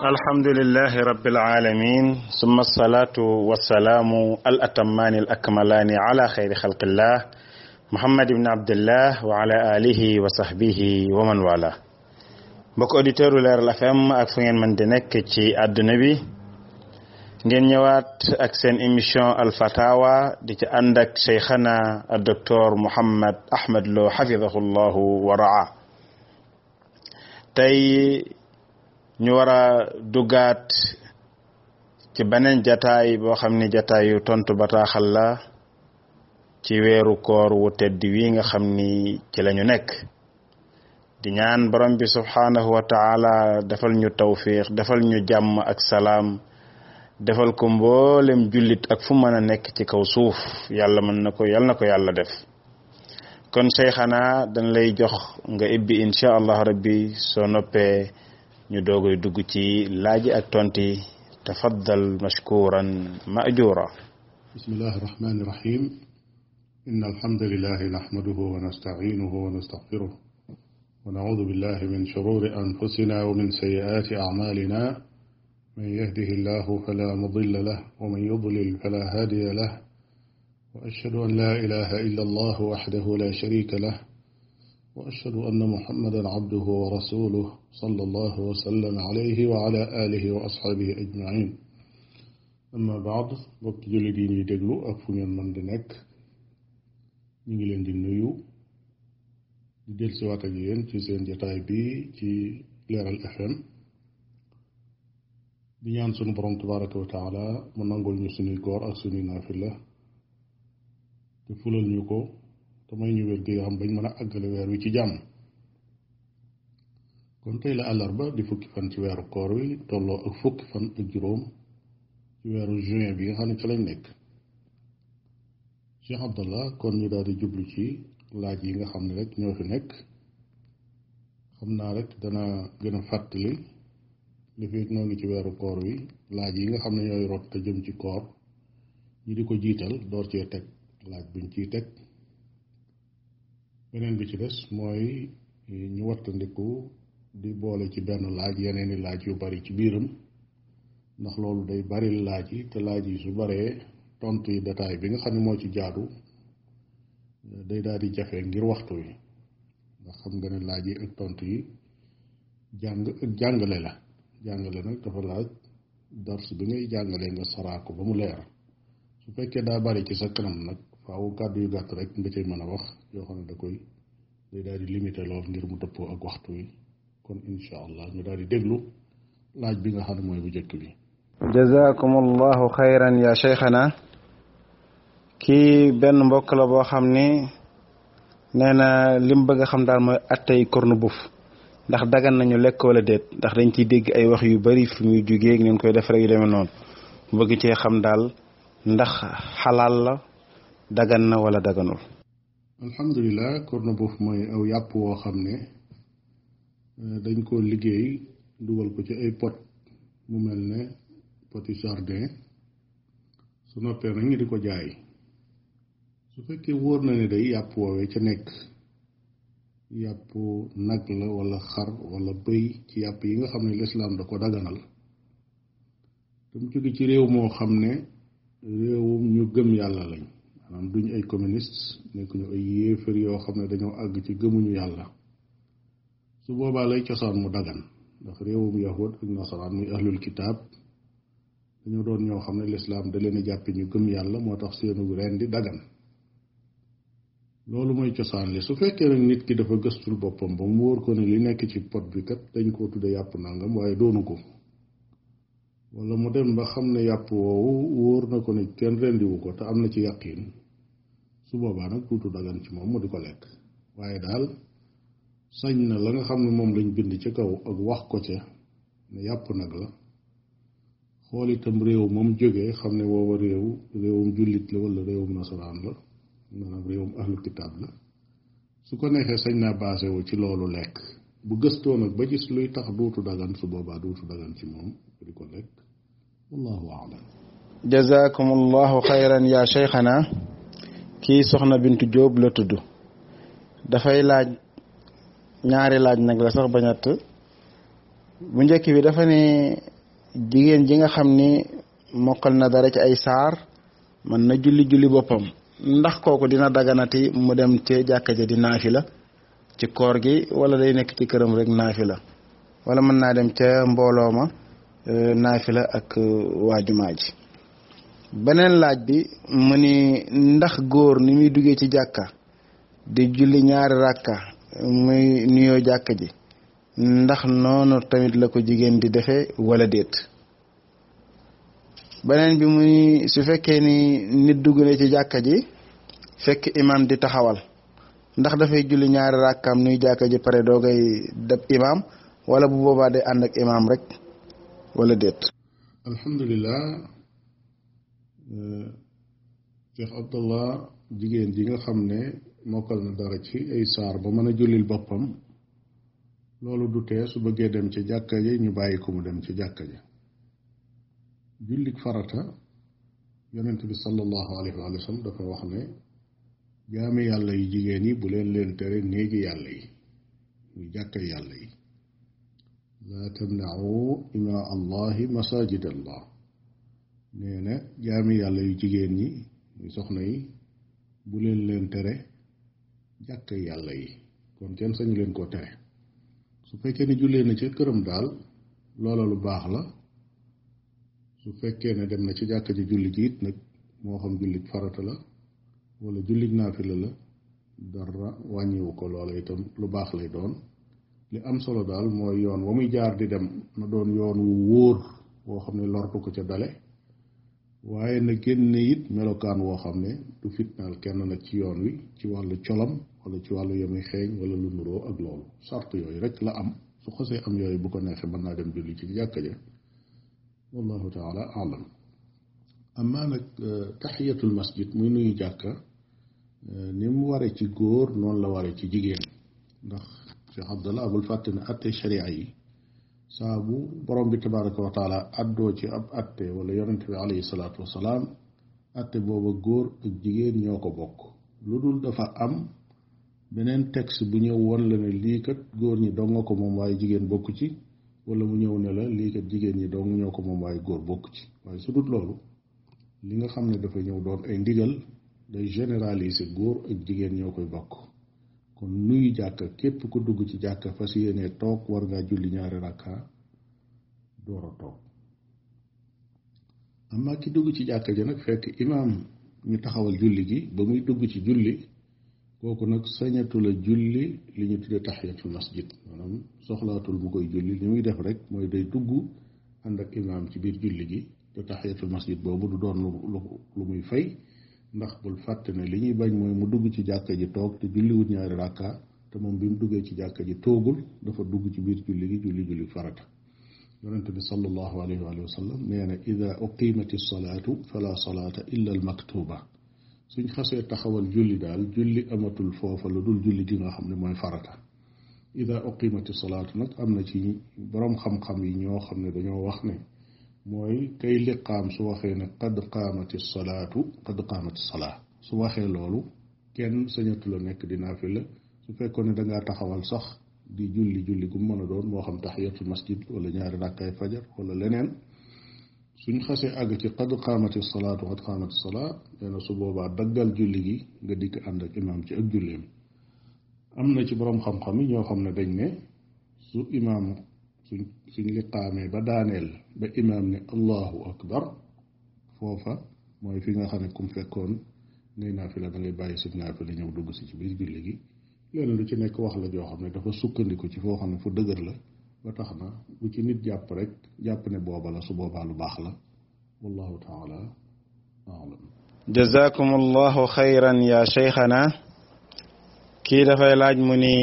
alhamdulilahi rabbil alamin summa alsalatu wassalaamu al atammaani al akmalaani ala xayri xalqillah muhammad ibn abdillah wa ala alihi wa man wala nekk ci àdduna bi ngeen ñëwaat ak seen émission al di ci ànd ak cheikhana al docteur ñu war a duggaat ci beneen jataay boo xam ni jataayu tontu bataaxal la ci weeru koor wu tedd wi nga xam ni ci lañu nekk di ñaan borom bi subhaanahu wataala defal ñu tawfiix defal ñu jàmm ak salaam defal ko mboolem jullit ak fu mën a nekk ci kaw suuf yàlla mën na ko yàlla na ko yàlla def kon seyxanaa dañ lay jox nga ibbi incha allah rabbi soo noppee ñu doogay dugg ci laaji ak tonti tafaddal mashkuran ma'jura bismillahi rahmani rahim inna alhamdulillahi nahmaduhu wa nasta'inuhu wa nastaghfiruh wa na'udhu billahi min shururi anfusina wa min sayyiati a'malina man yahdihillahu fala mudilla وأشهد أن محمدا عبده ورسوله صلى الله وسلم عليه وعلى آله وأصحابه أجمعين أما بعد bokk jullit yi ñuy déglu ak fu ngeen mën di nekk ñu ngi leen di nuyu di dellusiwaat ak yéen ci seen jataay bi ci Leeral FM di ñaan sunu borom tabaraka wa taala mu nangul ñu sunuy koor ak sunuy naafila te fulal ñu ko te mooy ñu wér gi yoo xam bañ mën a àggale weer wi ci jàmm kon tey la àllarba di fukki fan ci weeru koor wi tolloo ak fukki fan ak juróom ci weeru juin bi xam ne lañ nekk kon ñu daal di jublu laaj yi nga xam ne rek ñoo fi nekk xam naa rek dana gën a fàttali li fi noo ci weeru koor wi laaj yi nga xam ne ñooy rot te jëm ci koor ñi di ko jiital door cee teg laaj buñ ciy teg beneen bi ci des mooy eh, ñu wattandiku di boole ci benn laaj yeneeni laaj yu bari ci biiram ndax loolu day bari laaj yi te laaj yi su baree tontu yi détail bi nga xam ne moo ci jaadu eh, day daal di jafe waxtu wi xam nga ne laaj yi ak tont yi jàng ak jàngale la jàngale nag dafa laaj dars bi ngay jàngale nga saraa ba mu leer su fekkee daa bari ci sa kanam nag waaw kàddu yu gàtt rek nga cay mën a wax yoo xam ne di limité ngir mu dëppoo ak waxtu wi kon incha allah ñu daal di déglu laaj bi nga xam ne mooy bu njëkk bi jazakum allahu xayran ya cheikhana kii benn mbokk la boo xam ne nee na li bëgg a xam daal mooy attey corned-beef ndax dagan nañu lekk wala déet ndax dañ ciy dégg ay wax yu bari fi muy jugee ak koy def rek yu demee noonu bëgg cee xam daal ndax xalaal la dagan na wala daganul alhamdulilah korne boof mooy aw yàpp woo xam ne euh, dañ ko liggéey dugal ko ci ay pot mu mel ne poti jardin su noppee nañu di ko jaay su fekkee wóor na ne day yàpp woowee ca nekk yàpp nag la wala xar walla bëy ci yàpp yi nga xam ne lislaam da ko daganal te mu jóge ci réew moo xam ne réewum ñu gëm yàlla lañ maanaam duñu ay communiste nekkuñu ay yéefar yoo xam ne dañoo àgg ci gëmuñu yàlla su boobaa lay cosaan mu dagan ndax réewum yahud ak nasaraan muy ahlul kitaab dañoo doon ñoo xam ne lislaam da leen jàppe ñu gëm yàlla moo tax seenu ren di dagan loolu mooy cosaan li su fekkee nag nit ki dafa gëstul boppam ba mu wóor ko ne li nekk ci pot bi kat dañ koo tudde yàpp nangam waaye doonu ko wala mu dem ba xam ne yàpp woowu wóor na ko ne kenn rendiwu ko te am na ci yàqiin su boobaa nag tuutu dagan ci moom mu di ko lekk waaye daal sañ na la nga xam ne moom lañ bind ci kaw ak wax ko ca ne yàpp nag la xool itam réew moom jógee xam ne woowa réew réewum jullit la wala réewum nasaraan la maanaam réewum ahlu kitaab la su ko neexee sañ naa basé wu ci loolu lekk bu gëstoo nag ba gis luy tax duutu dagan su boobaa duutu dagan ci moom mu di ko lekk wallahu aalam jazakum allahu xayran ya cheikhana ki soxna Bintu Jóob la tudd dafay laaj ñaari laaj nag la sax bañat bu njëkk bi dafa ne jigéen ji nga xam ni mokkal na dara ci ay saar mën na julli julli boppam ndax kooku dina daganati mu dem ci jàkka ja di naafi la ci koor gi wala day nekk ci këram rekk naafi la wala mën naa dem ca mbooloo ma euh, naafi la ak waajumaa ji beneen laaj bi mu ni ndax góor ni muy duggee ci jàkka di julli ñaari ràkka muy nuyoo jàkka ji ndax noonu tamit la ko jigéen di defee walla déet beneen bi muy su fekkee ni nit dugg na ci jàkka ji fekk imam di taxawal ndax dafay julli ñaari ràkkaam nuy jàkka ji pare doogay dab imam wala bu boobaa day ànd ak imam rek wala déet alhamdulilah Cheikh Abdallah jigéen ji nga xam ne mokkal na dara ci ay saar ba mën a jullil boppam loolu du tee su bëggee dem ci jàkka ja ñu bàyyi ko mu dem ci jàkka ja jullik farata yonent bi sallallahu alayhi wa sallam dafa wax ne jaami yàlla yi jigéen yi bu leen leen tere néegi yàlla yi muy jàkka yàlla yi laa tamnau ima allahi masajid nee na jaami yàlla yu jigéen ñi soxna yi bu leen leen tere jàkk yàlla yi kon kenn sañu leen koo tere su fekkee ne jullee na ca këram daal loola lu baax la su fekkee ne dem na ci jàkk ji julli ji it nag moo xam jullit farata la wala jullit naafila la dara wàññiwu ko loola itam lu baax lay doon li am solo daal mooy yoon wa muy jaar di dem na doon yoon wu wóor woo xam ne lortu ko ca dale waaye na génne it melokaan woo xam ne du fitnaal kenn nag ci yoon wi ci wàllu colam wala ci wàllu yamuy xeeñ wala lu nuroo ak loolu sart yooyu rek la am su xasee am yooyu bu ko neexee mën naa dem julli ci jàkka ja wallahu taala alam amaa nag euh, taxiyatul masjid muy nuyu jàkka euh, ni mu waree ci góor noonu la waree ci jigéen ndax Cheikh Abdallah abul fàtte ne àtte sharia yi saa bu borom bi tabaraka wa taala àddoo ci ab atte wala yonente bi alayhi salaatu wasalaam atte booba góor ak jigéen ñoo ko bokk lu dul dafa am beneen texte bu ñëw won la ne lii kat góor ñi dong nga ko moom waaye jigéen bokk ci wala mu ñëw ne la lii jigéen ñi dong ñoo ko moom waaye góor bokk ci waaye su dul loolu li nga xam ne dafa ñëw doon ay ndigal day généraliser góor ak jigéen ñoo koy bokk kon nuyu jàkka képp ku dugg ci jàkka fas yéene toog war ngaa julli ñaari rakka door a toog amma ki dugg ci jàkka ji nag fekk imaam ñu taxawal julli gi ba muy dugg ci julli kooku nag sañatu la julli li ñu tuddee taxiyatul masjid maanaam soxlaatul bu koy julli li muy def rek mooy day dugg ànd ak imaam ci biir julli gi te taxiyatul masjid boobu du doon lu lu muy fay ndax bul fàtte ne li ñuy bañ mooy mu dugg ci jàkka ji toog te julliwut ñaari rakka te moom bi mu duggee ci jàkka ji toogul dafa dugg ci biir julli gi julli julli farata yonent bi sallallahu alayhi wa sallam nee na ida uqimati salaatu fala salaata illa al maktuba suñ xasee taxawal julli daal julli amatul foofa lu dul julli gi nga xam ne mooy farata ida uqimati salaatu nag am na ci boroom xam-xam yi ñoo xam ne dañoo wax ne mooy kay liqaam su waxee nag qad qaamati salaatu qad qaamati salaa su waxee loolu kenn sañatu la nekk di naafila su fekkoon ne dangaa taxawal sax di julli julli gu mën a doon moo xam taxiyatul masjid wala ñaari rakkaay fajar wala leneen suñ xasee àgg ci qad qaamati salaatu qad qaamati salaa nee na su boobaa daggal julli gi nga dikk ànd ak imaam ci ak julleem am na ci boroom xam-xam yi ñoo xam ne dañ ne su imaam suñ suñ liqaamee ba daaneel ba imaam ne allahu akbar foofa mooy fi nga xam ne kum fekkoon ngay naafila da ngay bàyyi sub naafila ñëw dugg si ci biir julli gi leneen lu ci nekk wax la joo xam ne dafa sukkandiku ci foo xam ne fu dëgër la ba tax na bu ci nit jàpp rek jàpp ne booba la su boobaa lu baax la wallahu taala alam jazakum allahu xayran ya cheikhana kii dafay laaj mu ni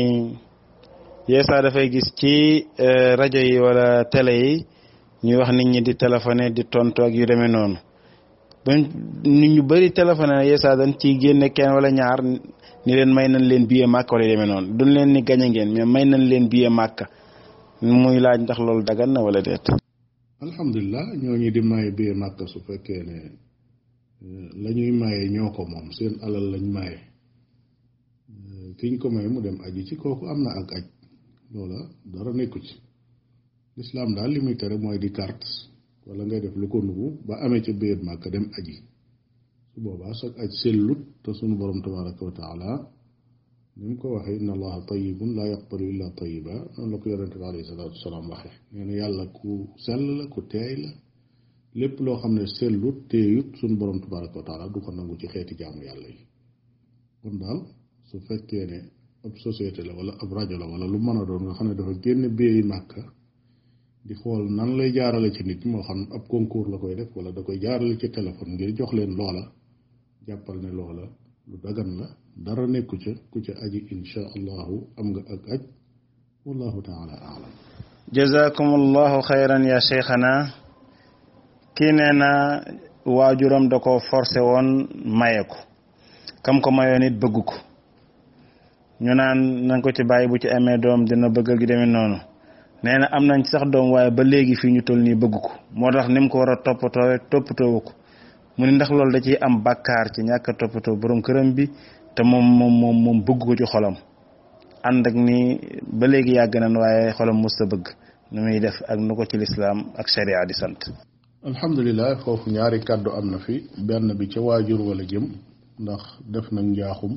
yeesaa dafay gis ci euh, rajo yi wala télé yi ñuy wax nit ñi di téléphoné di tontu ak yu demee noonu ñu nit ñu bëri téléphoné yeesaa dañ ciy génne kenn wala ñaar ni leen may nañ leen billet màkk wala yu demee noonu duñ leen ni gañ ngeen mais may nañ leen billet màkk muy laaj ndax loolu dagan na wala déet. ñooñu di maye billet su fekkee ne euh, la ñuy ñoo ko moom seen alal lañ maye euh, kiñ ko may mu dem aji ci kooku am na ak aj loola dara nekku ci lislaam daal li muy tere mooy di carte wala ngay def lu ko nubu ba amee ca biir màkk dem aji su boobaa sag aj sellut te suñu borom tabaraka wa taala ni mu ko waxee inna allaha tayyibun laa yaqbalu illa tayyiba noonu la ko yonente bi alayhi salaatu wasalaam waxee nee yàlla ku sell la ku teey lépp loo xam ne sellut teeyut suñu borom tabaraka wa taala du ko nangu ci xeeti jaamu yàlla yi kon daal su fekkee ne ab société la wala ab rajo la wala lu mën a doon nga xam ne dafa génn biey màkka di xool nan lay jaarale ci nit moo xam ab concours la koy def wala da koy jaarale ci téléphone ngir jox leen loola jàppal ne loola lu dagan la dara nekku ca ku ca aji insha allahu am nga ak aj wallahu taala alam jazakum allahu xayran ya cheikhana kii nee na waajuram da ko forcé woon maye ko kam ko mayoon it bëgg ko ñu naan nañ ko ci bàyyi bu ci amee doom dina bëgg ak gi demee noonu nee na am nañ sax doom waaye ba léegi fii ñu toll nii bëgg ko moo tax ni mu ko war a toppatoo toppatoo ko mu ne ndax loolu da ciy am bàkkaar ci ñàkk a toppatoo borom këram bi te moom moom moom moom bëgg ko ci xolam ànd ak nii ba léegi yàgg nañ waaye xolam mos a bëgg nu muy def ak nu ko ci lislaam ak sharia di sant. alhamdulilah foofu ñaari kàddu am na fi benn bi ca waajur wala jëm ndax def nañ njaaxum.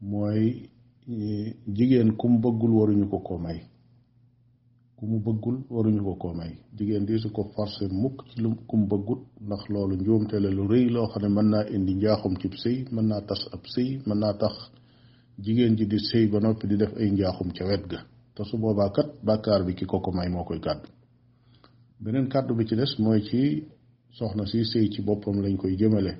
mooy eh, jigéen ku mu bëggul waruñu ko ko may ku mu bëggul waruñu ko ko may jigéen di su ko forcé mukk ci lu ku mu bëggul ndax loolu njuumte la lu rëy loo xam ne mën naa indi njaaxum cib sëy mën naa tas ab sëy mën naa tax jigéen ji di sëy ba noppi di def ay njaaxum ca wet ga te su boobaa kat bi ki ko ko may moo koy gàddu beneen kàddu bi ci des mooy ci soxna si sëy ci boppam lañ koy jëmale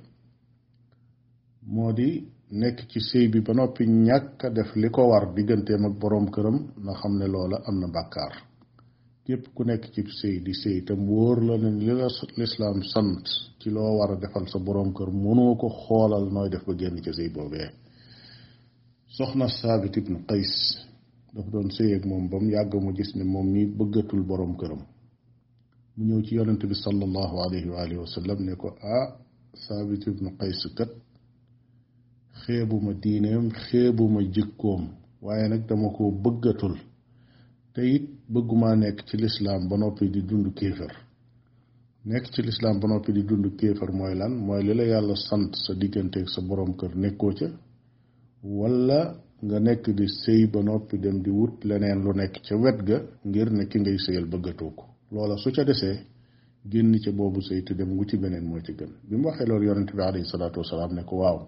moo di nekk ci sëy bi ba noppi ñàkk a def li ko war digganteem ak boroom këram na xam ne loola am na bàkkaar képp ku nekk ci sëy di sëy tam wóor la ne li la lislaam sant ci loo war a defal sa boroom kër mënoo ko xoolal nooy def ba génn ca sëy soxna saabit ibnu qays dafa doon sëy moom ba yàgg mu gis ne moom mi bëggatul boroom këram mu ñëw ci yonent bi sallallahu alayhi wa alihi wa sallam ne ko ah saabit ibnu qays xeebuma diineem ma jikkoom waaye nag dama ko bëggatul te it bëgguma nekk ci lislaam ba noppi di dund kéefër nekk ci lislaam ba noppi di dund kéefër mooy lan mooy li la yàlla sant sa digganteeg sa boroom kër nekkoo ca wala nga nekk di sëy ba noppi dem di wut leneen lu nekk ca wet ga ngir ne ki ngay sëyal bëggatoo ko loola su ca desee génn ca boobu sëy te dem ci beneen moo ci gën bi mu waxee loolu yonente bi alayhi salaatu wasalaam ne ko waaw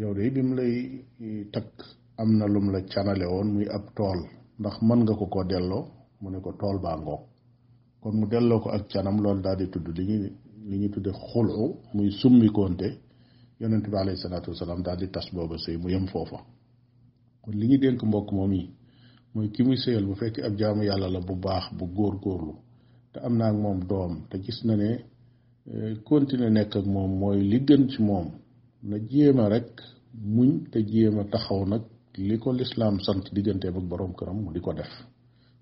yow de bi mu lay e, takk am na lum la canale woon muy ab tool ndax mën nga ko ko delloo mu ne ko tool baa ngoog kon mu delloo ko ak canam lool daal di tudd li ñuy li ñuy tudde xulu muy summi konte yonent bi alayhi salaatu wasalaam daal di tas booba sëy mu yem foofa kon li ñu dénk mbokk moom yi mooy ki muy sëyal bu fekkee ab jaamu yàlla la bu baax bu góor góorlu te am naa ak moom doom te gis na ne e, continuer nekk ak moom mooy li gën ci moom na jéem a rek muñ te jéem a taxaw nag li ko lislaam sant digganteem ak boroom këram mu di ko def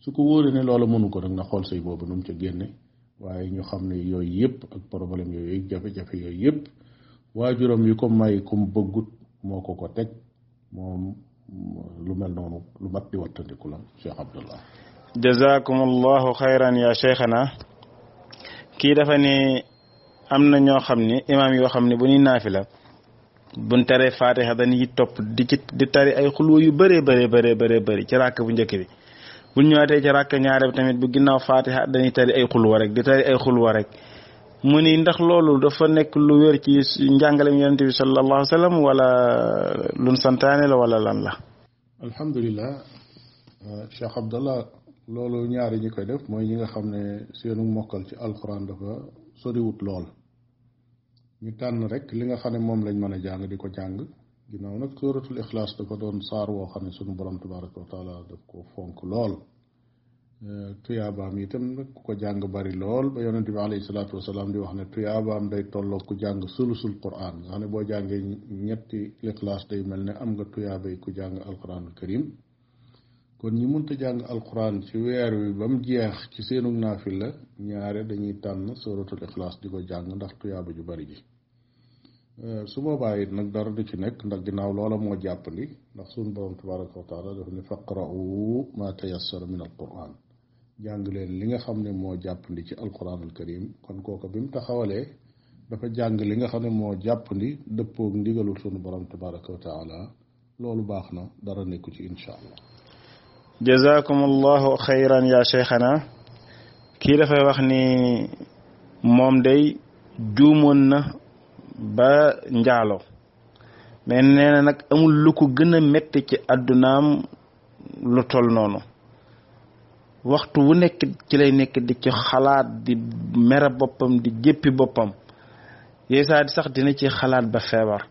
su ko wóoree ne loola mënu ko nag na xool sëy boobu nu mu waaye ñu xam ne yooyu yëpp ak problème yooyu jafe-jafe yooyu yëpp waajuram yu ko may ku mu bëggut ko ko teg moom mel noonu lu mat la Cheikh Abdullah jazakum allahu xayran ya cheikhana kii dafa ne am na ñoo xam ne imaam yoo xam ne bu ñuy naafi la buñ taree faatiha dañuy topp di di tari ay xulwa yu bëree bëree bëree bëree bëri ci ràkk bu njëkk bi bu ñëwaatee ci ràkk ñaare bi tamit bu ginnaaw faatiha dañuy tari ay xulwa rek di tari ay xulwa rek mu ni ndax loolu dafa nekk lu wér ci njàngalem yonente bi sallallahu alayhi wa sallam wala luñ santaane la wala lan la alhamdulilah euh, Cheikh Abdallah loolu ñaari ñi koy def mooy ñi nga xam ne seenu mokkal ci alquran dafa soriwut lool ñu tànn rek li nga xam ne moom lañ mën a jàng di ko jàng ginnaaw nag suratul ixlaas dafa doon saar woo xam ne sunu borom tabaraka wa taala daf ko fonk lool eh, tuyaabaam itam nag ku ko jàng bari lool ba yonente bi alayhi salaatu wasalaam di wax ne tuyaabaam day tolloo ku jàng sulusul quran nga xam ne boo jàngee ñetti lixlaas day mel ne am nga tuyaabay ku jàng alquranul karim kon ñi mënta jàng alquran ci weer wi ba mu jeex ci seenu naafil la ñaare dañuy tànn suratul ixlaas di ko jàng ndax tuyaaba ju bari ji euh, su boobaa it nag dara du ci nekk ndax ginnaaw loola moo jàppali ndax suñu borom tabaraka wa taala daf ni faqra'u ma tayassara min jàng leen li nga xam ne moo jàppandi ci alquran al karim kon kooka bi mu taxawalee dafa jàng li nga xam ne moo jàppandi dëppoog ndigalul suñu borom tabaraka wa taala loolu baax na dara nekku ci incha allah jazakumullahu xayran ya cheikhana kii dafay wax ni moom day juumoon na ba njaalo mais nee na nag amul lu ko gën a metti ci àddunaam lu tol noonu waxtu wu nekk ci lay nekk di ci xalaat di mere boppam di jéppi boppam yéesaa di sax dina ci xalaat ba feebar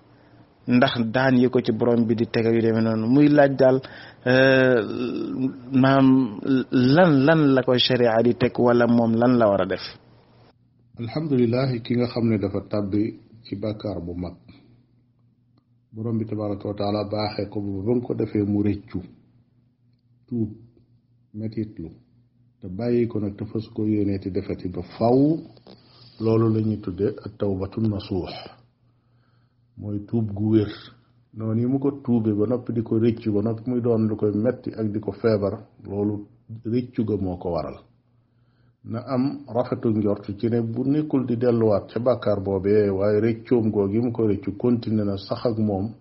ndax daan yi ko ci borom bi di teg yu demee noonu muy laaj daal euh, maam lan la ko sharia di teg wala moom lan la war a def alhamdulilah ki nga xam ne dafa tàbbi ci bàkkaar bu mag borom bi tabaraka wa taala baaxee ko ba nga ko defee mu rëccu tuub metitlu te bàyyi ko nag te ko yéenee te defati ba faw loolu la ñuy tudde ak tawbatun nasuux mooy tuub gu wér noonu yi mu ko tuube ba noppi di ko rëccu ba noppi muy doon lu koy metti ak di ko feebar loolu rëccu ga moo ko waral na am rafetu njort ci ne bu nekkul di delluwaat ca bàkkaar boobee waaye rëccoom googu yi mu ko rëccu continué na sax ak moom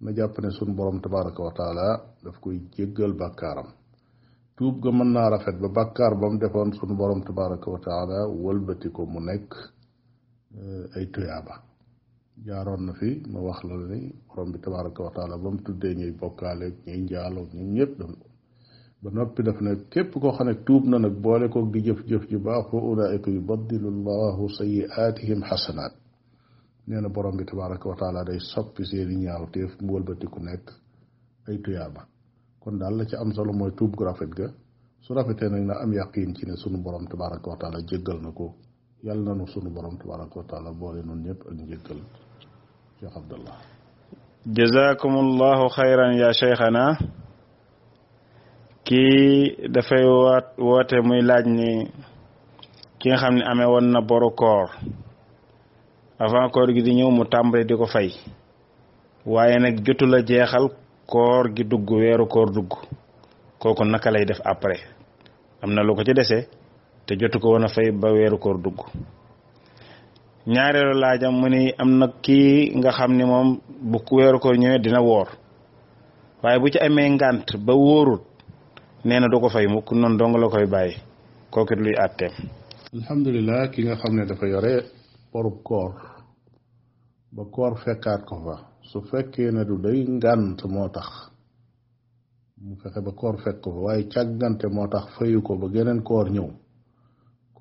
na jàpp ne sunu borom tabaraka wa taala daf koy jéggal bàkkaaram tuub ga mën naa rafet ba bàkkaar ba mu defoon sunu borom tabaraka wa taala wëlbati ko mu nekk eh, ay tuyaaba jaaroon na fi ma wax la ni borom bi tabaraka wa taala ba mu tuddee ñuy bokkaale ñuy njaaloo ñuy ñëpp daf ba noppi daf ne képp koo xam ne tuub na nag boole koog di jëf-jëf ju baax fa ulaika yubaddilu llahu sayiatihim xasanaat nee na borom bi tabaraka wa taala day soppi seeni ñaawteef mu wëlbati ku nekk ay tuyaaba kon daal la ci am solo mooy tuub gu rafet ga su rafetee nag na am yaqiin ci ne sunu borom tabaraka wa taala jéggal na ko yàlla na sunu borom tabaraka wa taala boole noonu ñëpp ak njëkkal cheikh abdallah jazakum allahu ya cheikhana kii dafay waat woote muy laaj ni ki nga xam ne amee woon na boru koor avant koor gi di ñëw mu tàmbali di ko fay waaye nag jotul a jeexal koor gi dugg weeru koor dugg kooku naka lay def après am na lu ko ci desee te jotu ko won a fay ba weeru koor dugg ñaareelu laajam mu ni am nag kii nga xam ni moom bu weeru koor ñëwee dina woor waaye bu ci amee ngànt ba wóorut nee na du ko fay mukk noonu dong la koy bàyyi kookit luy àtteem alhamdulilah ki nga xam ne dafa yore borub koor fekkaat ko fa su fekkee ne du day ngànt moo tax mu fexe ba koor fekk fa waaye càggante moo tax fayu ko ba geneen koor ñëw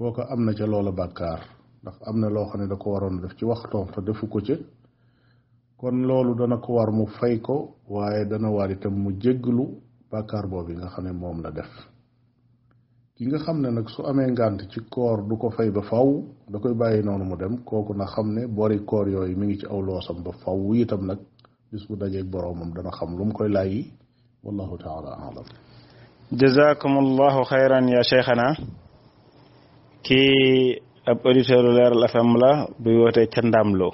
kooka am na ca loola bàkkaar ndax am na loo xam ne da ko waroon def ci waxtoom te defu ko ca kon loolu dana ko war mu fay ko waaye dana war itam mu jégglu bàkkaar boobu nga xam ne moom la def ki nga xam ne nag su amee ngànt ci koor du ko fay ba faw da koy bàyyi noonu mu dem kooku na xam ne bori koor yooyu mi ngi ci aw loosam ba faw itam nag bis bu dajeeg boroomam dana xam lu mu koy laaj wallahu taala alam jazakum allahu xayran ya cheikhana kii ab auditeur u leeral FM la buy wootee ca loo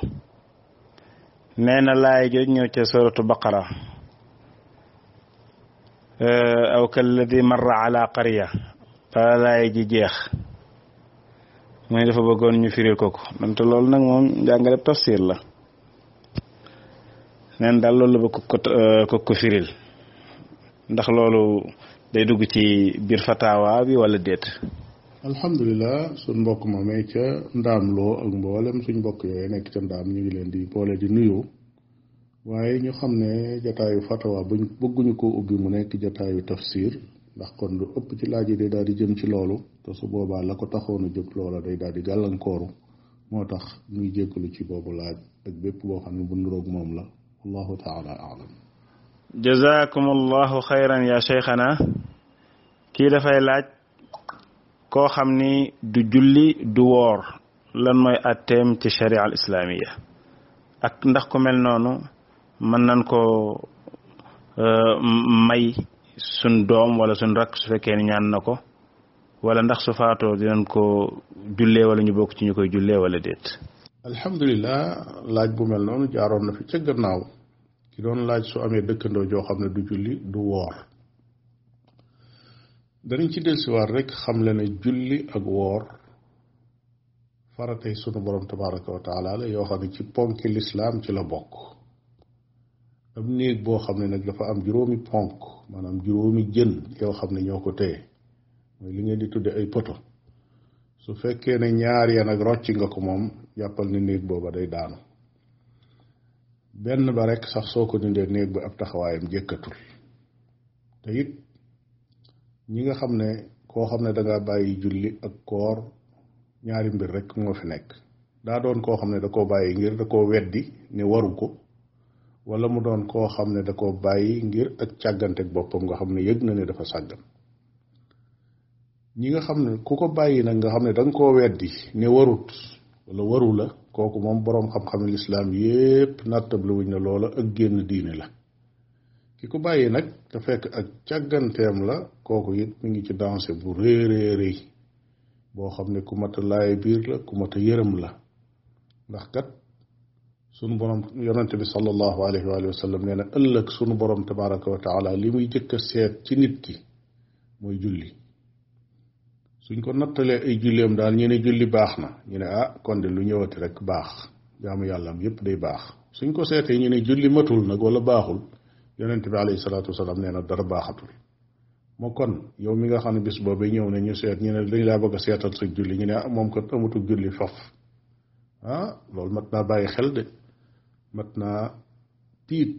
nee na laay joj ñëw ca suratu baqara aw kalladi marra ala qarya bala jeex mu ne dafa bëggoon ñu firil ko ko donte loolu nag moom jàngale tafsir la nen daal loolu la bëgg firil ndax loolu day dugg ci biir fatawa bi wala déet alhamdulilah suñ mbokk ma ca ndaam loo ak mboolem suñ mbokk yooyu nekk ca ndaam ñu ngi leen di boole di nuyu waaye ñu xam ne jataayu fatawa buñ bëgguñu ko ubbi mu nekk jataayu tafsir ndax kon lu ëpp ci laaj yi day daal di jëm ci loolu te su boobaa la ko taxoonu jóg loola day daal di gàllankooru moo tax ñuy jéggalu ci boobu laaj ak bépp boo xam ne bu nuroog moom la wallahu taala alam jazakum allahu xayran ya cheikhana kii dafay laaj koo xam ni du julli du woor lan mooy atteem ci sharia al islaamiya ak ndax ku mel noonu mën nañ koo euh, may suñ doom wala sun rakk su fekkee ni ñaan na ko wala ndax su faatoo dinañ ko jullee wala ñu bokk ci ñu koy jullee wala déet alhamdulilah laaj bu mel noonu jaaroon na fi ca gannaaw ki doon laaj su amee dëkkandoo joo xam ne du julli du woor danañ ci dellusiwaat rek xam le na julli ak woor faratay sunu borom tabaraka wa taala yoo xam ne ci ponki lislaam ci la bokk am néeg boo xam ne nag dafa am juróomi ponk maanaam juróomi jën yoo xam ne ñoo ko téye mooy li ngeen di tudde ay poto su fekkee ne ñaar ya nag rocci nga ko moom jàppal na néeg booba day daanu benn ba rek sax soo ko dindee néeg bi ab taxawaayam jëkkatul te ñi nga xam ne koo xam ne danga bàyyi julli ak koor ñaari mbir rek moo fi nekk daa doon koo xam ne da koo bàyyi ngir da koo weddi ne waru ko wala mu doon koo xam ne da koo bàyyi ngir ak càgganteeg boppam nga xam ne yëg na ne dafa sàggan ñi nga xam ne ku ko bàyyi nag nga xam ne da koo weddi ne warut wala waru la kooku moom boroom xam-xam lislaam yépp nattable wuñ ne loola ak génn diine la ki ku bàyyi nag te fekk ak càgganteem la kooku it mu ngi ci dansé bu réerée rëy boo xam ne ku mat a laay biir la ku mat a yërëm la ndax kat sunu borom yonente bi sallallahu alayhi wa sallam nee na ëllëg sunu borom tabaraka wa li muy jëkk a seet ci nit ki mooy julli suñ ko nattalee ay julleem daal ñu ne julli baax na ñu ne ah kon de lu ñëwati rek baax jaamu yàllaam yépp day baax suñ ko seetee ñu ne julli matul nag wala baaxul yonent bi alayhi salaatu wasalaam nee na dara baaxatul moo kon yow mi nga xam ne bis boobu ñëw ne ñu seet ñu ne dañ laa bëgg a seetal sa julli ñu ne ah moom kat amatul julli faf ah loolu mat naa bàyyi xel de mat naa tiit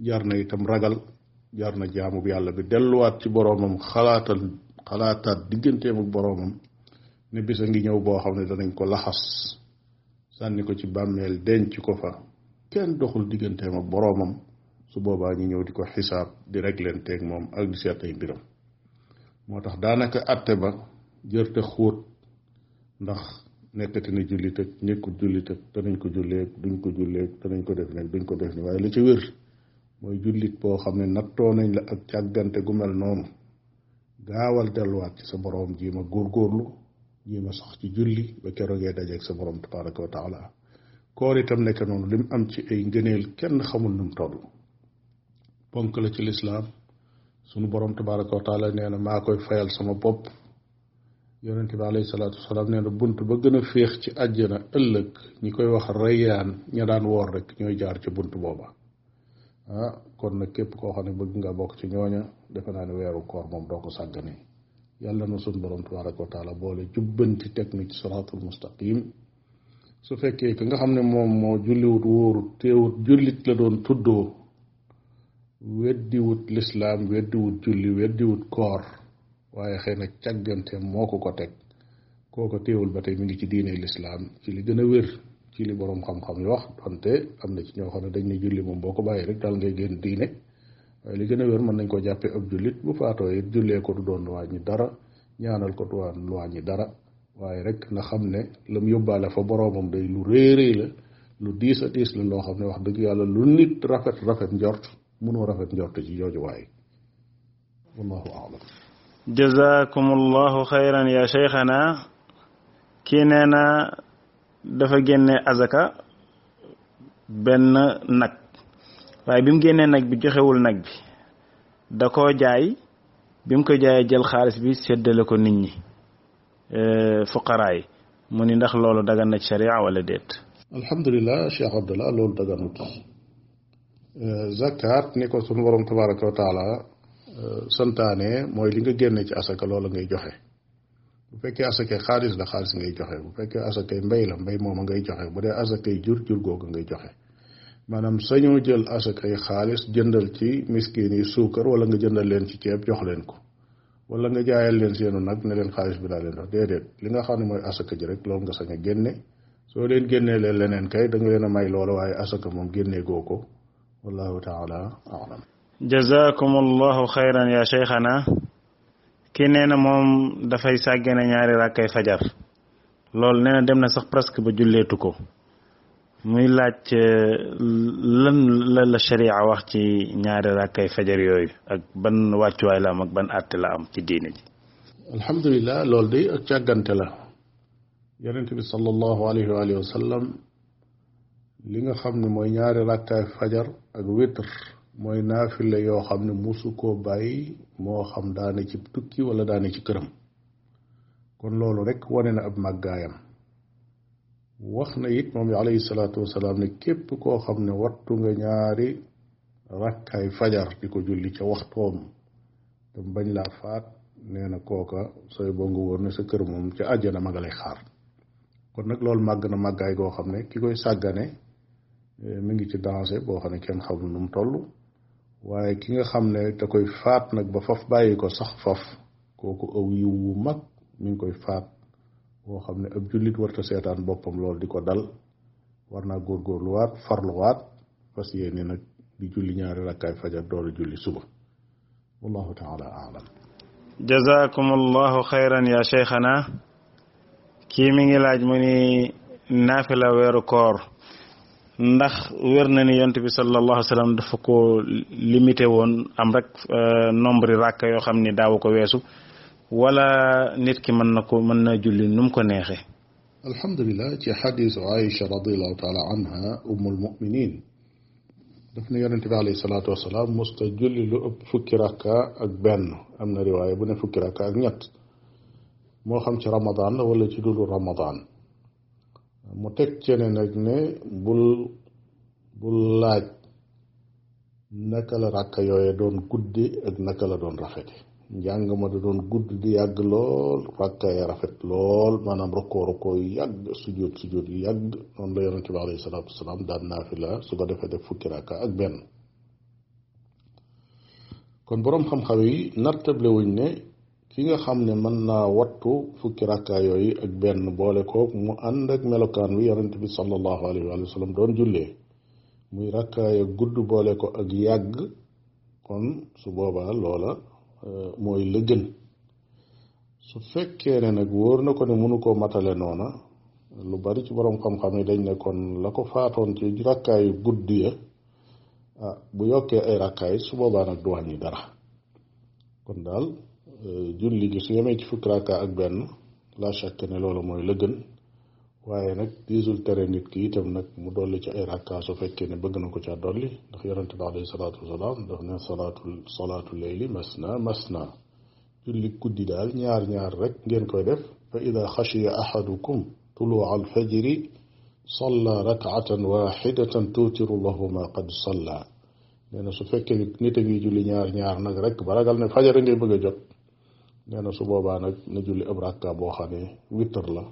jaar na itam ragal jaar na jaamu yàlla bi delluwaat ci boroomam xalaatal xalaataat digganteem ak boroomam ne bis a ngi ñëw boo xam ne danañ ko laxas sànni ko ci bàmmeel denc ko fa kenn doxul digganteem ak boroomam su boobaa ñu ñëw di ko xisaab di teg moom ak di seet biram moo tax daanaka atte ba jërte xóot ndax nekkati na jullit ak nekkul jullit ak danañ ko julleeg duñ ko julleeg danañ ko def nag ko def ni waaye la ci wér mooy jullit boo xam ne nattoo nañ la ak càggante gu mel noonu gaawal delluwaat ci sa boroom jéem a góorgóorlu jéem a sax ci julli ba keroogee dajeeg sa borom tabaraka wa taala koor itam nekk noonu lim am ci ay ngëneel kenn xamul nu mu toll ponk la ci lislaam sunu borom tabaraka wa taala na maa koy fayal sama bopp yonent bi alayhi salaatu wasalaam nee na bunt ba gën a féex ci àjjana ëllëg ñi koy wax rayyaan ña daan woor rek ñooy jaar ci bunt booba ah kon nag képp koo xam ne bëgg nga bokk ci ñooña defe naa ne weeru koor moom doo ko sàgganee yàlla na sunu borom tabaraka wa taala boole jubbanti teg na ci su fekkee ki nga xam ne moom moo julliwut wóorut teewut jullit la doon weddiwut lislaam weddiwut julli weddiwut koor waaye xëy na càggante moo ko ko teg kooko téewul ba tey mu ngi ci diine lislaam ci li gën a wér ci li boroom xam-xam yi wax donte am na ci ñoo xam ne dañ ne julli moom boo ko bàyyi rek daal ngay génn diine waaye li gën a wér mën nañ ko jàppee ab jullit bu faatoo it jullee ko du doon lu dara ñaanal ko du doon dara waaye rek na xam ne la yóbbaale fa boroomam day lu réeréy la lu diis diis la loo xam ne wax dëgg yàlla lu nit rafet mënoo rafet njort ci jooju waay wallahu aalam jazakum allahu ya cheikhana kii nee na dafa génne azaka benn nag waaye bi génnee nag bi joxewul nag bi da koo jaay bi ko jaayee jël xaalis bi seddale ko nit ñi e, fuqaraa yi mu ni ndax loolu daga na ci sharia wala déet alhamdulilah cheikh zakat ni ko sunu borom tabaraka wa taala euh, santaane mooy li nga génne ci asaka loola ngay joxe bu fekkee asakay xaalis la xaalis ngay joxe bu fekkee asakay mbay la mbay mooma ngay joxe bu dee asakay jur jur googu ngay joxe maanaam sañoo jël asakay xaalis jëndal ci miskin yi suukar wala nga jëndal leen ci ceeb jox leen ko wala nga jaayal leen seenu nag ne leen xaalis bi daa leen dox déedéet li nga xam ne mooy asaka ji rek loolu nga sañ a génne soo leen génnee leen leneen kay da nga leen a may loola waaye asaka moom génnee ko wallahu taala alam jazakumullahu xayran ya cheikhana na moom dafay sàggane ñaari rakkay fajar loolu nee dem na sax presque ba julleetu ko muy laaj eh, lan la la sharia wax ci ñaari rakkay fajar yooyu ak ban wàccuwaay la am ak ban àtte la am ci diine ji alhamdulilah loolu de ak càggante la yonente bi sallallahu alayhi wa alihi wa sallam li nga xam ne mooy ñaari rakkaay fajar ak witr mooy naafile yoo xam ne musu koo bàyyi moo xam daane ci tukki wala daane ci këram kon loolu rek wane na ab màggaayam wax na it moom alayhi salaatu képp koo xam ne wattu ñaari rakkaay fajar di ko julli ca waxtoom te bañ laa nee na kooka sooy bongu woon ne sa kër moom ca na ma nga lay xaar kon nag loolu màgg na màggaay goo xam ne ki koy sàggane mi ngi ci danger boo xam ne kenn xamul nu mu toll waaye ki nga xam ne da koy faat nag ba faf bàyyi ko sax faf kooku aw wu mag mi ngi koy faat boo xam ne ab jullit warta seetaan boppam loolu di ko dal war naa góorgóorluwaat farluwaat fas yéene nag di julli ñaari rakkaay fajar doole julli suba wallahu taala alam jazakum allahu xayran ya cheikhana kii mi ngi laaj mu ni naafila weeru koor ndax wér na ni yonent bi sallallahu alayhi wa sallam dafa ko limité woon am rek euh, nombre ràkk yoo xam ni daawu ko weesu wala nit ki mën na ko mën na julli nu mu ko neexee alhamdulilah ci xadisu aïcha radiallahu taala anha ummul muminin daf ne yonent bi alayhi salaatu bu ne fukki ràkka ak ñett moo xam ci ramadan la wala ci dulu ramadan mu teg cene nag ne bul bul laaj naka la ràkk yooye doon gudde ak naka la doon rafete njàng ma da doon gudd di yàgg lool ràkka ya rafet lool maanaam rokkoo rokkoo yu yàgg sujjóot sujjóot yu yàgg noonu la yonente bi alayhi salaatu wasalaam su ko defee def fukki ràkka ak benn kon boroom xam-xam yi nartable wuñ ne ki nga xam ne mën naa wattu fukki rakkaa yooyu ak benn boole kook mu ànd ak melokaan wi yonent bi sallallahu alayhi wa sallam doon jullee muy rakkaaya gudd boole ko ak yàgg kon su boobaa loola e, mooy la su fekkee ne nag wóor na ko ne mënu koo matale noona lu bari ci boroom xam-xam yi dañ ne kon la ko faatoon ci rakkaayu gudd ya ah, bu yokkee ay rakkaay su boobaa nag du yi dara kon daal Euh, julli gi su yemee ci fukki rakka ak benn la chaque ne loolu mooy la gën waaye nag diisul tere nit ki itam nag mu dolli ci ay rakka su fekkee ne bëgg na ko caa dolli ndax yonente bi alayhi salaatu wasalaam daf ne salaatul salaatu leyli masna masna julli guddi daal ñaar ñaar rek ngeen koy def fa ida xashiya ahadukum tulua alfajri salla rakatan waxidatan tuutiru lahu ma qad salla nee na fekkee nit a ngi nag rek ba ragal fajar a ngay bëgg jot nee na boobaa nag na julli ab rakka boo xam ne wittar la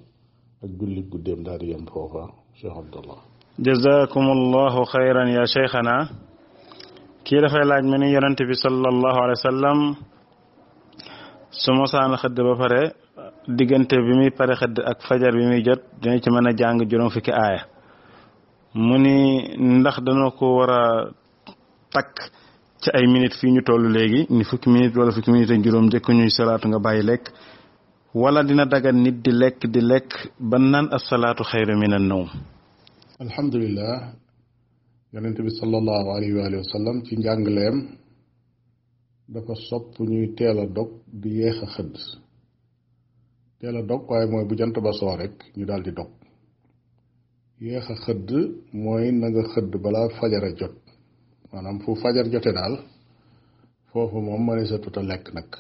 ak julli guddeem daal yem foofa cheikh abdallah jazakum laaj ma ni yonent bi sallallahu alayhi wa sallam su mosaan xëdd ba pare diggante bi muy pare xëdd ak fajar bi muy jot dina ci mën a jàng juróom fukki aaya mu ni ndax dana ko war a takk ci ay minutes fii ñu toll léegi ni fukki minutes wala fukki minutes ak juróom njëkk ñuy salaatu nga bàyyi lekk wala dina dagan nit di lekk di lekk ba naan salaatu xayru min an nawm alhamdulilah yonente bi sallallahu alayhi wa sallam ci njàngaleem dafa sopp ñuy teel a dog di yéex a xëdd teel dog waaye mooy bu jant ba soo rek ñu daal di dog yéex a xëdd mooy na xëdd balaa fajara jot maanaam fu fajar jote daal foofu moom mëneesatut a lekk nag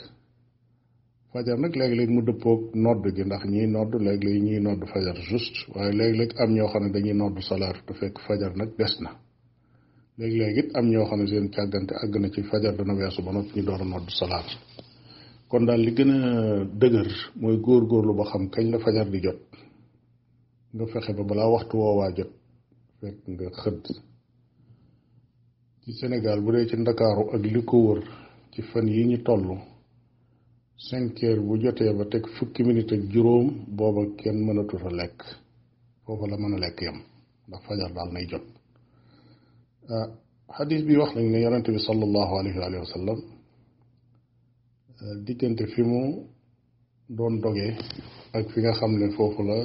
fajar nag léeg-léeg mu dëppoog nodd ji ndax ñiy nodd léeg-léeg ñuy nodd fajar juste waaye léeg-léeg am ñoo xam ne dañuy nodd salaar te fekk fajar nag des na léeg-léeg it am ñoo xam ne seen càggante àgg na ci fajar dana weesu ba noppi ñu door a nodd salaar kon daal li gën a dëgër mooy góor-góorlu ba xam kañ la fajar di jot nga fexe ba balaa waxtu woowaa jot fekk nga xëdd ci senegal bu dee ci ndakaaru ak li ko wër ci fan yi ñu tollu cinq bu jotee ba teg fukki minit ak juróom booba kenn mënatu fa lekk foofa la mën a lekk yam ndax fajar daal nay jot ah, xadis bi wax nañ ne yonente bi sallallahu alayhi wa diggante fi mu doon doge ak fi nga xam ne foofu la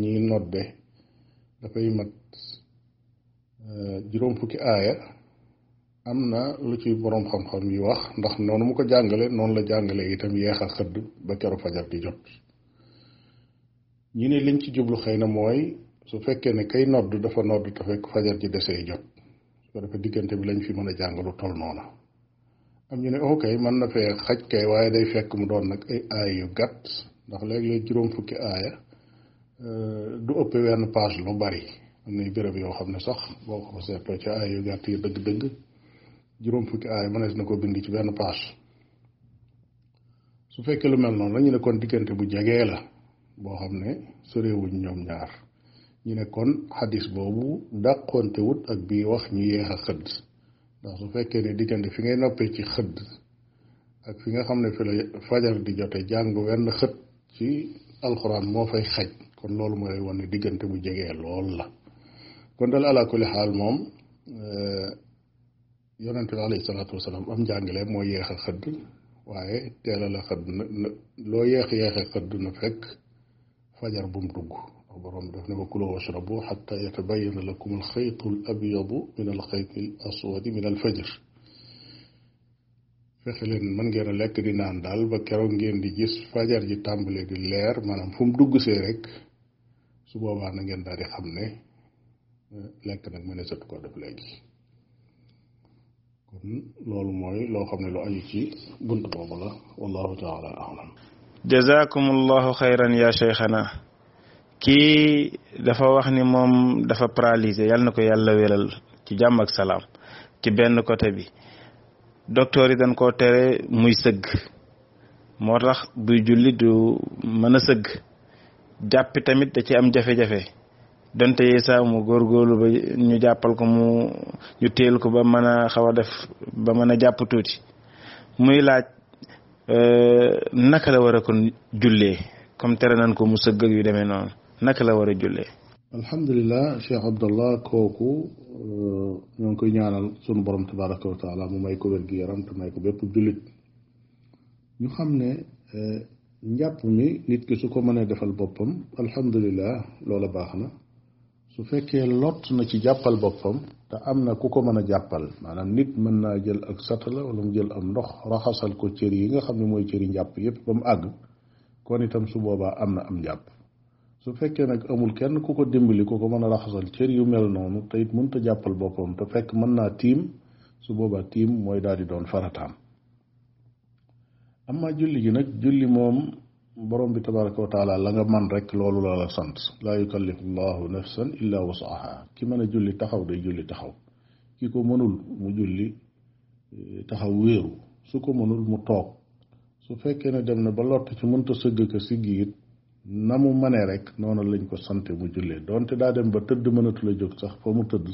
ñiy nodde dafay mat eh, juróom fukki aaya am na lu ci boroom xam-xam yi wax ndax noonu mu ko jàngale noonu la jàngale itam yeex a xëdd ba keroog fajar di jot ñu ne liñ ci jublu xëy na mooy su fekkee ne kay nodd dafa nodd te fekk fajar ji desee jot su defee diggante bi lañ fi mën a jàngalu toll noona am ñu ne ok oh mën na fee xaj kay waaye day fekk mu doon nag ay aay yu gàtt ndax léeg-léeg juróom fukki aaya euh, du ëpp wenn page lu bari am nay béréb yoo xam ne sax boo ko seetloo ci aay yu gàtt yi dëgg juróom fukki aay mënees na ko bind ci benn paas su fekkee lu mel noonu la ñu ne kon diggante bu jegee la boo xam ne soreewuñ ñoom ñaar ñu ne kon xadis boobu dàqonte wut ak bii wax ñu yéex a xëdd ndax su fekkee ni diggante fi ngay noppee ci xëdd ak fi nga xam ne fi la fajar di jote jàng wenn xët ci alxuraan moo fay xaj kon loolu mooy wane diggante bu jegee lool la kon dal alaa xaal moom eh, yonent bi alayhi salaatu am njàngale moo yéex a xëdd waaye teela la xëdd loo yeex yeexe xëdd na fekk fajar bu mu dugg ndax borom def ne ko kuluu washrabu xatta yatabayana lakum alxaytu al abyadu min alxayti al aswadi min alfajr fexe leen mën ngeen a lekk di naan daal ba keroog ngeen di gis fajar ji tàmbalee di leer maanaam fu mu dugg see rek su boobaa na ngeen daal di xam ne eh, lekk nag mëneesatu ko def léegi kon loolu mooy loo xam ne lu aju ci bunt boobu ya cheikhana kii dafa wax ni moom dafa paralysé yal na ko yàlla wéral ci jàmm ak salaam ci benn côté bi docteur yi dañ koo tere muy sëgg moo tax buy julli du mën a sëgg jàppi tamit da ci am jafe-jafe donte yeesa mu góor góorlu ba ñu jàppal ko mu ñu teel ko ba mën a xaw a def ba mën a jàpp tuuti muy laaj euh, naka la war a kon jullee comme tere nan ko mu sëgg yu demee noonu naka la war a jullee alhamdulilah cheikh abdallah kooku euh, ñoo ngi koy ñaanal sunu borom tabaraka wa taala mu may ko wér gi yaram te may ko bépp jullit ñu xam ne euh, njàpp mi nit ki su ko mënee defal boppam alhamdulilah loola baax na su fekkee lott na ci jàppal boppam te am na ku ko mën a jàppal maanaam nit mën naa jël ak satala wala mu jël am ndox raxasal ko cër yi nga xam ne mooy cëri njàpp yépp ba mu àgg kon itam su boobaa am na am njàpp su fekkee nag amul kenn ku ko dimbali ku ko mën a raxasal cër yu mel noonu te it mënta jàppal boppam te fekk mën naa tiim su boobaa tiim mooy daal di doon farataam amma julli gi nag julli moom borom bi tabaraka wa taala la nga man rek loolu la la sant laa yukallifu llahu nafsan illa wasaaha ki mën a julli taxaw day julli taxaw ki ko mënul mu julli eh, taxaw wéeru su ko mënul mu toog su fekkee ne dem na ba lott ci mënta sëgg ka siggi it na mu manee rek noonu lañ ko sante mu jullee donte daa dem ba tëdd mënatula jóg sax fa mu tëdd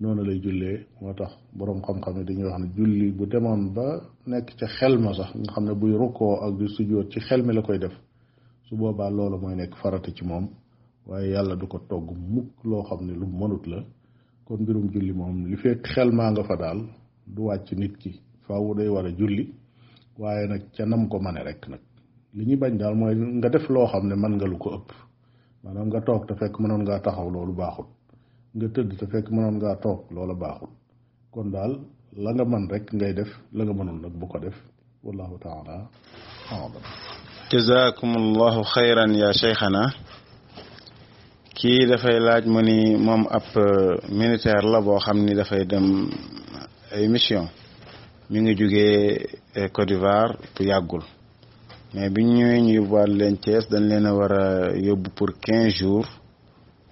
noonu lay jullee moo tax boroom xam-xam yi dañuy wax ne julli bu demoon ba nekk ca xel ma sax nga xam ne buy rukkoo ak di sujjóot ci xel mi la koy def su boobaa loolu mooy nekk farata ci moom waaye yàlla du ko togg xam ne lu mënut la kon mbirum julli moom li fekk xel maa nga fa daal du wàcc nit ki faawu day war a julli waaye nag ca nam ko mane rek nag li ñu bañ daal mooy nga def loo xam ne mën nga lu ko ëpp maanaam nga toog te fekk mënoon ngaa taxaw loolu baaxut nga tëdd te fekk mënoon ngaa toog loola baaxul kon daal la nga mën rek ngay def la nga bu ko def wallahu taala alam jazakum allahu ya cheikhana kii dafay laaj mu ni moom ab euh, militaire la boo xam ni dafay dem ay mission mi ngi jóge euh, Côte d'Ivoire bu yàggul mais bi ñëwee ñu yóbbuwaat leen Thiès dañ leen a war a yóbbu pour quinze jours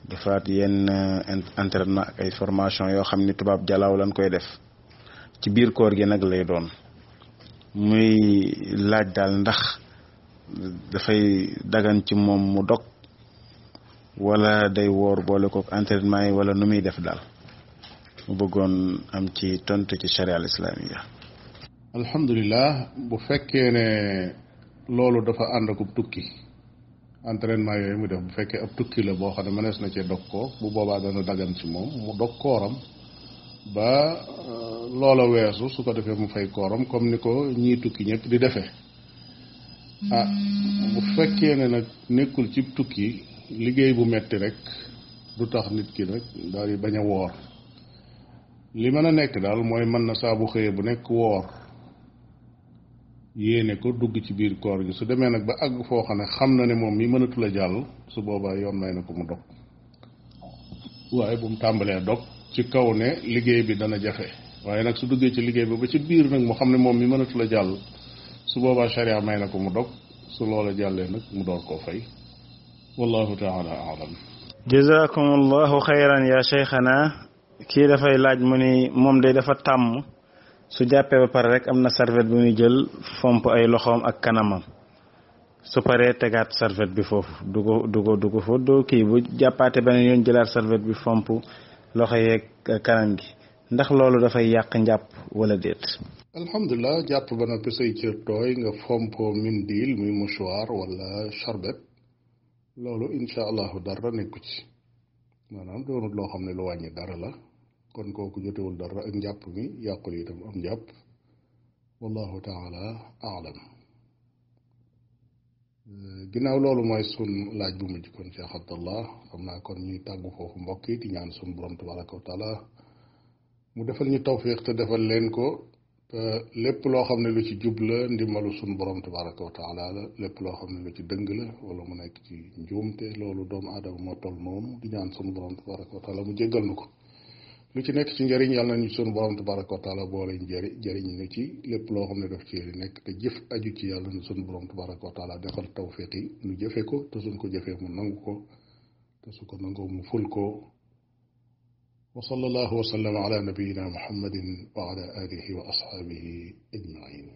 defaat yenn euh, entraînement ay formation yoo xam ni tubaab jalaaw lañ koy def ci biir koor gi nag lay doon muy laaj daal ndax dafay dagan ci moom mu dog wala day woor boole kook entretement yi wala nu muy def daal mu bëggoon am ci tontu ci charia al islamiya alhamdulilah bu fekkee ne loolu dafa ànd ak tukki entraînement yooyu mu def bu fekkee ab tukki la boo xam ne mënees na cee dog ko bu boobaa dana dagan ci moom mu dog kooram ba euh, loola weesu su ko defee mu fay kooram comme ni ko ñii tukki ñëpp di defee ah bu fekkee ne nag nekkul cib tukki liggéey bu metti rek du tax nit ki nag daal di bañ a woor li mën a nekk daal mooy mën na saa bu xëyee bu nekk woor yéene ko dugg ci biir koor gi su demee nag ba àgg foo xam ne xam na ne moom mi mënatul a jàll su boobaa yoon may na ko mu dog waaye bu mu tàmbalee dog ci kaw ne liggéey bi dana jafe waaye nag su duggee ci liggéey bi ci biir nag mu xam ne moom mi mënatul a jàll su boobaa sharia may na ko mu dog su loola jàllee nag mu door koo fay wallahu taala alam jazakum allahu ya cheikhana kii dafay laaj mu ni moom day dafa tàmm su jàppee ba pare rek am na serviette bi muy jël fomp ay loxoom ak kanamam su paree tegaat serviette bi foofu du ko du ko doo kii bu jàppaate beneen yoon jëlaat serviette bi fomp loxo yeeg kanam gi ndax loolu dafay yàq njàpp wala déet. alhamdulilah jàpp ba noppi say cër tooy nga fomp mindil muy mouchoir wala charbet loolu incha allahu dara nekku ci maanaam doonut loo xam ne lu wàññi dara la. kon kooku jotewul dara ak njàpp mi yàqul itam am njàpp wallahu taala aalam ginnaaw loolu mooy sun laaj bu mujj kon Cheikh Abdallah xam naa kon ñuy tàggu foofu mbokk yi di ñaan sun borom tabaraka wa taala defal ñu tawfiq te leen ko loo xam ne lu ci jub la ndimbalu sun borom tabaraka wa taala la lépp loo xam ne lu ci dëng la wala mu nekk ci njuumte loolu doomu aadama moo toll moom di ñaan sun borom tabaraka wa taala mu jéggal nu ko lu ci nekk ci njëriñ yàlla nañu sunu borom tabaraka wa taala boole njëri jëriñ ñu ci lépp loo xam ne daf ci nekk te jëf aju ci yàlla na sunu borom tabaraka wa taala defal tawfiq yi ñu jëfe ko te suñ ko jëfee mu nangu ko te su ko nangoo mu ful ko wa sallallahu wa sallama ala nabiyina muhammadin wa ala alihi wa ashaabihi ajmain